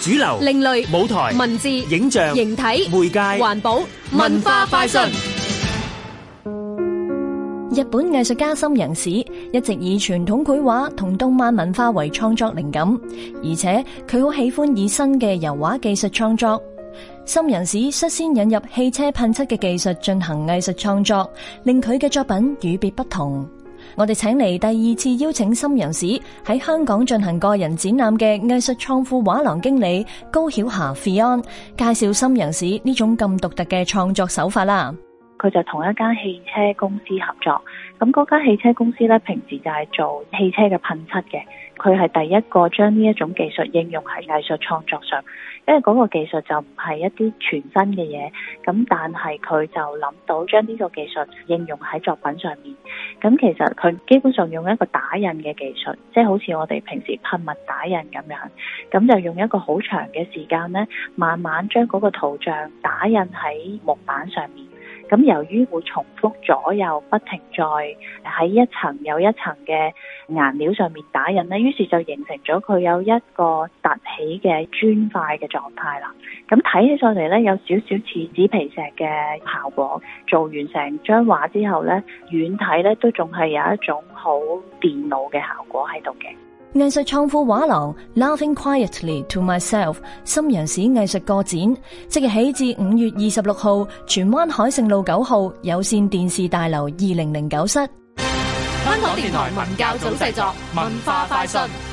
主流、另類舞台、文字、影像、形體、媒介、環保、文化快訊。日本藝術家森仁史一直以傳統繪畫同動漫文化為創作靈感，而且佢好喜歡以新嘅油畫技術創作。森仁史率先引入汽車噴漆嘅技術進行藝術創作，令佢嘅作品與別不同。我哋請嚟，第二次邀請森洋史喺香港進行個人展覽嘅藝術倉庫畫廊經理高曉霞 Fiona，介紹森洋史呢種咁獨特嘅創作手法啦。佢就同一間汽車公司合作，咁嗰間汽車公司咧，平時就係做汽車嘅噴漆嘅，佢係第一個將呢一種技術應用喺藝術創作上，因為嗰個技術就唔係一啲全新嘅嘢，咁但係佢就諗到將呢個技術應用喺作品上面。咁其實佢基本上用一個打印嘅技術，即係好似我哋平時噴墨打印咁樣，咁就用一個好長嘅時間咧，慢慢將嗰個圖像打印喺木板上面。咁由於會重複左右不停再喺一層又一層嘅顏料上面打印呢，於是就形成咗佢有一個凸起嘅磚塊嘅狀態啦。咁睇起上嚟呢，有少少似紙皮石嘅效果。做完成張畫之後呢，遠睇呢都仲係有一種好電腦嘅效果喺度嘅。藝術創富畫廊，Laughing Quietly to Myself，深陽市藝術個展，即日起至五月二十六號，荃灣海盛路九號有綫電視大樓二零零九室。香港電台文教組製作，文化快訊。